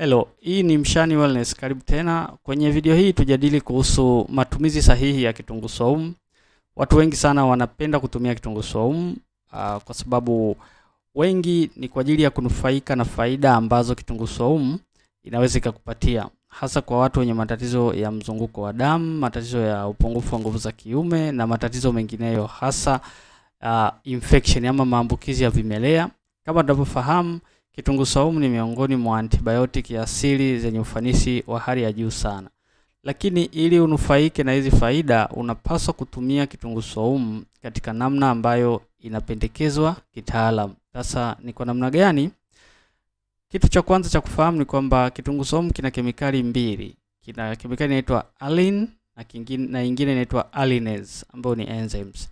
Hello, hii ni Mshani Wellness. Karibu tena. Kwenye video hii tujadili kuhusu matumizi sahihi ya kitunguu saumu. Watu wengi sana wanapenda kutumia kitunguu saumu uh, ah, kwa sababu wengi ni kwa ajili ya kunufaika na faida ambazo kitunguu saumu inaweza ikakupatia, hasa kwa watu wenye matatizo ya mzunguko wa damu, matatizo ya upungufu wa nguvu za kiume na matatizo mengineyo, hasa uh, infection ama maambukizi ya vimelea. Kama tunavyofahamu Kitunguu saumu ni miongoni mwa antibiotiki ya asili zenye ufanisi wa hali ya juu sana, lakini ili unufaike na hizi faida, unapaswa kutumia kitunguu saumu katika namna ambayo inapendekezwa kitaalamu. Sasa ni kwa namna gani? Kitu cha kwanza cha kufahamu ni kwamba kitunguu saumu kina kemikali mbili. Kina kemikali inaitwa aline na kingine na nyingine inaitwa alinase ambayo ni enzymes.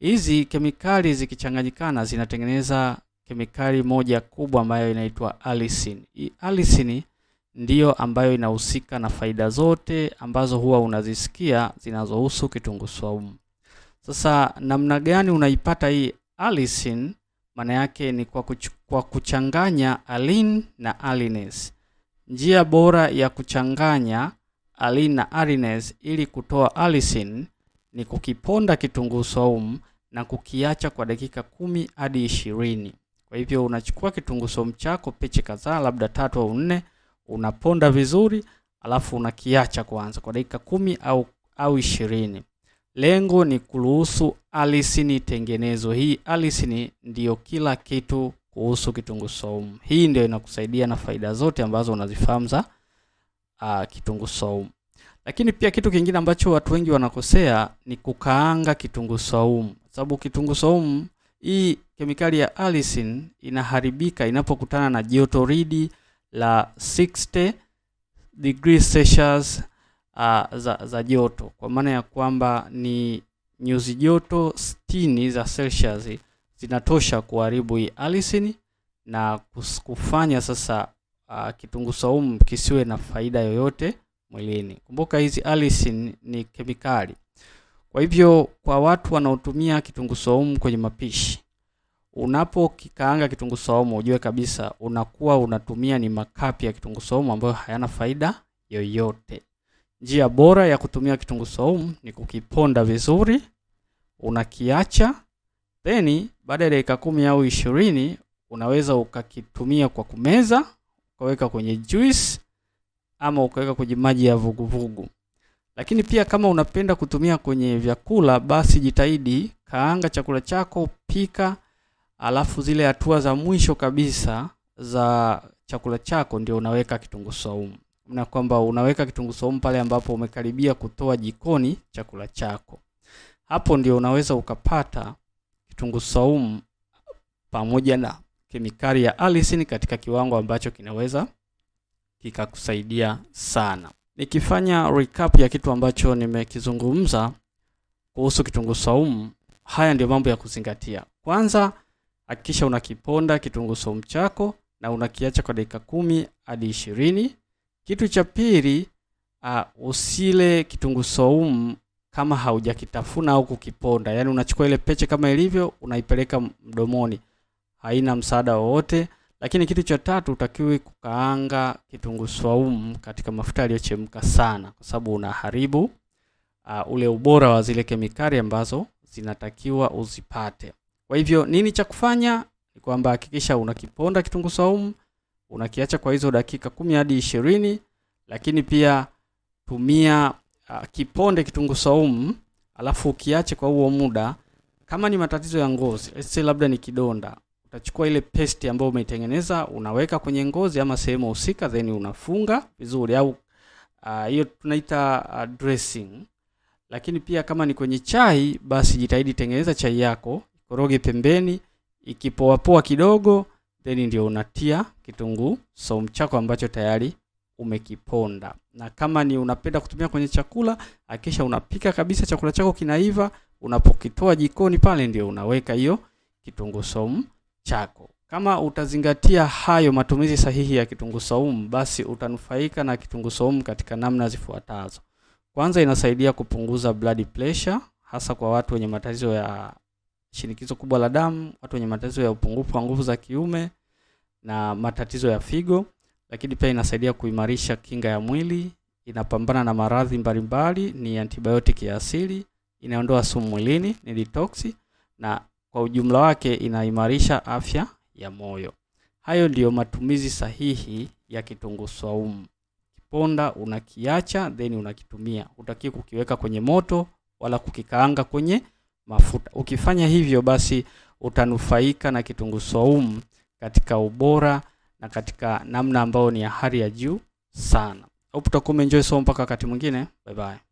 Hizi kemikali zikichanganyikana zinatengeneza kemikali moja kubwa ambayo inaitwa alisin. Hii alisin ndiyo ambayo inahusika na faida zote ambazo huwa unazisikia zinazohusu kitunguu saumu. Sasa namna gani unaipata hii alisin? Maana yake ni kwa, kuch kwa kuchanganya alin na alines. Njia bora ya kuchanganya alin na alines ili kutoa alisin ni kukiponda kitunguu saumu na kukiacha kwa dakika kumi hadi ishirini. Kwa hivyo unachukua kitunguu saumu chako peche kadhaa, labda tatu au nne, unaponda vizuri, alafu unakiacha kwanza kwa dakika kumi au au ishirini. Lengo ni kuruhusu alisini tengenezwe. Hii alisini ndiyo kila kitu kuhusu kitunguu saumu. Hii ndio inakusaidia na faida zote ambazo unazifahamu za uh, kitunguu saumu. Lakini pia kitu kingine ambacho watu wengi wanakosea ni kukaanga kitunguu saumu, sababu kitunguu saumu hii kemikali ya alisin inaharibika inapokutana na joto ridi la 60 degrees Celsius uh, za, za joto, kwa maana ya kwamba ni nyuzi joto 60 za Celsius zinatosha kuharibu hii alisin na kufanya sasa uh, ah, kitunguu saumu kisiwe na faida yoyote mwilini. Kumbuka hizi alisin ni kemikali. Kwa hivyo kwa watu wanaotumia kitunguu saumu kwenye mapishi, unapokikaanga kitunguu saumu ujue kabisa unakuwa unatumia ni makapi ya kitunguu saumu ambayo hayana faida yoyote. Njia bora ya kutumia kitunguu saumu ni kukiponda vizuri, unakiacha then baada ya dakika kumi au ishirini unaweza ukakitumia kwa kumeza, ukaweka kwenye juice ama ukaweka kwenye maji ya vuguvugu. Lakini pia kama unapenda kutumia kwenye vyakula, basi jitahidi kaanga chakula chako, pika, alafu zile hatua za mwisho kabisa za chakula chako ndio unaweka kitunguu saumu, na kwamba unaweka kitunguu saumu pale ambapo umekaribia kutoa jikoni chakula chako. Hapo ndio unaweza ukapata kitunguu saumu pamoja na kemikali ya alisin katika kiwango ambacho kinaweza kikakusaidia sana. Nikifanya recap ya kitu ambacho nimekizungumza kuhusu kitunguu saumu, haya ndio mambo ya kuzingatia. Kwanza, hakikisha unakiponda kitunguu saumu chako na unakiacha kwa dakika kumi hadi ishirini. Kitu cha pili, uh, usile kitunguu saumu kama haujakitafuna au kukiponda, yaani unachukua ile peche kama ilivyo unaipeleka mdomoni, haina msaada wowote. Lakini kitu cha tatu, utakiwi kukaanga kitunguu swaumu katika mafuta yaliyochemka sana, kwa sababu unaharibu uh, ule ubora wa zile kemikali ambazo zinatakiwa uzipate. Kwa hivyo nini cha kufanya ni kwamba hakikisha unakiponda kitunguu swaumu, unakiacha kwa hizo dakika kumi hadi ishirini, lakini pia tumia uh, kiponde kitunguu swaumu alafu ukiache kwa huo muda. Kama ni matatizo ya ngozi, labda ni kidonda Utachukua ile paste ambayo umeitengeneza unaweka kwenye ngozi ama sehemu husika, then unafunga vizuri, au ah, hiyo uh, tunaita uh, dressing. Lakini pia kama ni kwenye chai, basi jitahidi tengeneza chai yako, koroge pembeni, ikipoapoa kidogo, then ndio unatia kitunguu saumu chako ambacho tayari umekiponda. Na kama ni unapenda kutumia kwenye chakula, akisha unapika kabisa, chakula chako kinaiva, unapokitoa jikoni pale ndio unaweka hiyo kitunguu somu chako. Kama utazingatia hayo matumizi sahihi ya kitunguu saumu, basi utanufaika na kitunguu saumu katika namna zifuatazo. Kwanza, inasaidia kupunguza blood pressure, hasa kwa watu wenye matatizo ya shinikizo kubwa la damu, watu wenye matatizo ya upungufu wa nguvu za kiume na matatizo ya figo. Lakini pia inasaidia kuimarisha kinga ya mwili, inapambana na maradhi mbalimbali, ni antibiotic ya asili, inaondoa sumu mwilini, ni detox na kwa ujumla wake inaimarisha afya ya moyo. Hayo ndiyo matumizi sahihi ya kitunguu saumu. Kiponda unakiacha then unakitumia, hutaki kukiweka kwenye moto wala kukikaanga kwenye mafuta. Ukifanya hivyo, basi utanufaika na kitunguu saumu katika ubora na katika namna ambayo ni ya hali ya juu sana. Hope utakuwa umeenjoy somo. Mpaka wakati mwingine, bye bye.